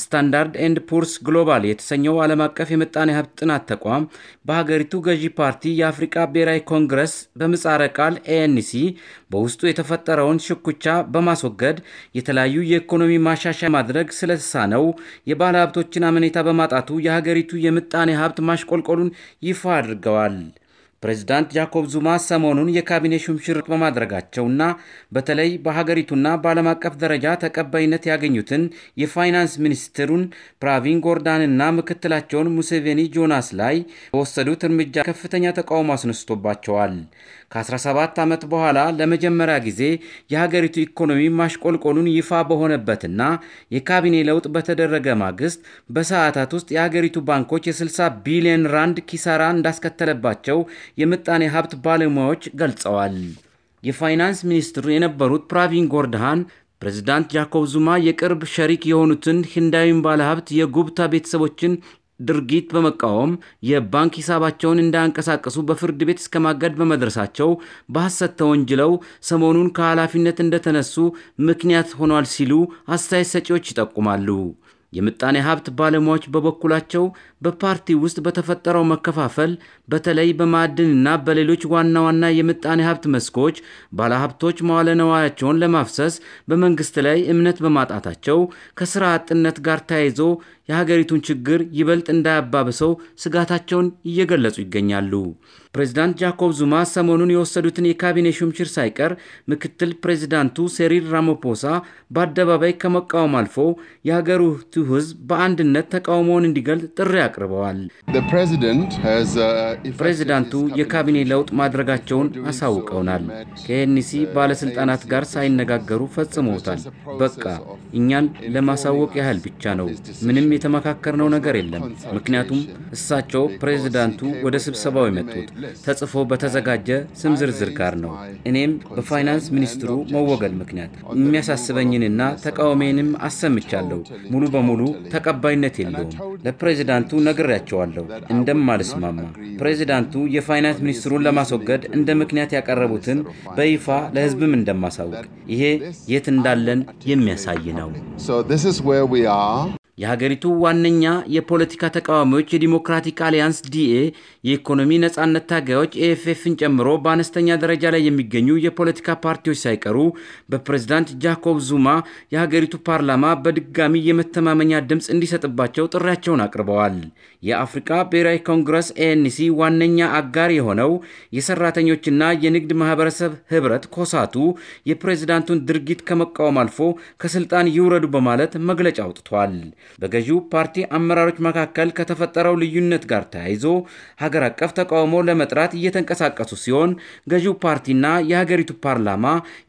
ስታንዳርድ ኤንድ ፑርስ ግሎባል የተሰኘው ዓለም አቀፍ የምጣኔ ሀብት ጥናት ተቋም በሀገሪቱ ገዢ ፓርቲ የአፍሪቃ ብሔራዊ ኮንግረስ በምጻረ ቃል ኤንሲ በውስጡ የተፈጠረውን ሽኩቻ በማስወገድ የተለያዩ የኢኮኖሚ ማሻሻያ ማድረግ ስለተሳነው የባለ ሀብቶችን አመኔታ በማጣቱ የሀገሪቱ የምጣኔ ሀብት ማሽቆልቆሉን ይፋ አድርገዋል። ፕሬዚዳንት ጃኮብ ዙማ ሰሞኑን የካቢኔ ሹምሽር በማድረጋቸውና በተለይ በሀገሪቱና በዓለም አቀፍ ደረጃ ተቀባይነት ያገኙትን የፋይናንስ ሚኒስትሩን ፕራቪን ጎርዳንና ምክትላቸውን ሙሴቬኒ ጆናስ ላይ በወሰዱት እርምጃ ከፍተኛ ተቃውሞ አስነስቶባቸዋል። ከ17 ዓመት በኋላ ለመጀመሪያ ጊዜ የሀገሪቱ ኢኮኖሚ ማሽቆልቆሉን ይፋ በሆነበትና የካቢኔ ለውጥ በተደረገ ማግስት በሰዓታት ውስጥ የሀገሪቱ ባንኮች የ60 ቢሊዮን ራንድ ኪሳራ እንዳስከተለባቸው የምጣኔ ሀብት ባለሙያዎች ገልጸዋል። የፋይናንስ ሚኒስትሩ የነበሩት ፕራቪን ጎርድሃን ፕሬዚዳንት ጃኮብ ዙማ የቅርብ ሸሪክ የሆኑትን ሂንዳዊን ባለሀብት የጉብታ ቤተሰቦችን ድርጊት በመቃወም የባንክ ሂሳባቸውን እንዳያንቀሳቀሱ በፍርድ ቤት እስከ ማገድ በመድረሳቸው በሐሰት ተወንጅለው ሰሞኑን ከኃላፊነት እንደተነሱ ምክንያት ሆኗል ሲሉ አስተያየት ሰጪዎች ይጠቁማሉ። የምጣኔ ሀብት ባለሙያዎች በበኩላቸው በፓርቲ ውስጥ በተፈጠረው መከፋፈል በተለይ በማዕድንና በሌሎች ዋና ዋና የምጣኔ ሀብት መስኮች ባለሀብቶች መዋለ ነዋያቸውን ለማፍሰስ በመንግስት ላይ እምነት በማጣታቸው ከስራ አጥነት ጋር ተያይዞ የሀገሪቱን ችግር ይበልጥ እንዳያባብሰው ስጋታቸውን እየገለጹ ይገኛሉ። ፕሬዚዳንት ጃኮብ ዙማ ሰሞኑን የወሰዱትን የካቢኔ ሹምሽር ሳይቀር ምክትል ፕሬዚዳንቱ ሴሪል ራሞፖሳ በአደባባይ ከመቃወም አልፎ የሀገሪቱ ህዝብ በአንድነት ተቃውሞውን እንዲገልጽ ጥሪ አቅርበዋል። uh, ፕሬዚዳንቱ የካቢኔ ለውጥ ማድረጋቸውን አሳውቀውናል። ከኤንሲ ባለሥልጣናት ጋር ሳይነጋገሩ ፈጽመውታል። በቃ እኛን ለማሳወቅ ያህል ብቻ ነው። ምንም የተመካከርነው ነገር የለም። ምክንያቱም እሳቸው ፕሬዚዳንቱ ወደ ስብሰባው የመጡት ተጽፎ በተዘጋጀ ስም ዝርዝር ጋር ነው። እኔም በፋይናንስ ሚኒስትሩ መወገድ ምክንያት የሚያሳስበኝንና ተቃውሜንም አሰምቻለሁ ሙሉ በሙሉ በሙሉ ተቀባይነት የለውም። ለፕሬዚዳንቱ ነግሬያቸዋለሁ እንደማልስማማ። ፕሬዚዳንቱ የፋይናንስ ሚኒስትሩን ለማስወገድ እንደ ምክንያት ያቀረቡትን በይፋ ለሕዝብም እንደማሳውቅ ይሄ የት እንዳለን የሚያሳይ ነው። የሀገሪቱ ዋነኛ የፖለቲካ ተቃዋሚዎች የዲሞክራቲክ አሊያንስ ዲኤ፣ የኢኮኖሚ ነጻነት ታጋዮች ኤኤፍኤፍን ጨምሮ በአነስተኛ ደረጃ ላይ የሚገኙ የፖለቲካ ፓርቲዎች ሳይቀሩ በፕሬዝዳንት ጃኮብ ዙማ የሀገሪቱ ፓርላማ በድጋሚ የመተማመኛ ድምፅ እንዲሰጥባቸው ጥሪያቸውን አቅርበዋል። የአፍሪካ ብሔራዊ ኮንግረስ ኤንሲ ዋነኛ አጋር የሆነው የሰራተኞችና የንግድ ማህበረሰብ ህብረት ኮሳቱ የፕሬዝዳንቱን ድርጊት ከመቃወም አልፎ ከስልጣን ይውረዱ በማለት መግለጫ አውጥቷል። በገዢው ፓርቲ አመራሮች መካከል ከተፈጠረው ልዩነት ጋር ተያይዞ ሀገር አቀፍ ተቃውሞ ለመጥራት እየተንቀሳቀሱ ሲሆን ገዢው ፓርቲና የሀገሪቱ ፓርላማ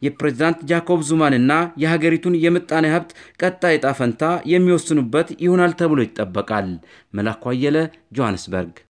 የፕሬዚዳንት ጃኮብ ዙማንና የሀገሪቱን የምጣኔ ሀብት ቀጣይ ዕጣ ፈንታ የሚወስኑበት ይሆናል ተብሎ ይጠበቃል። መላኩ አየለ ጆሃንስበርግ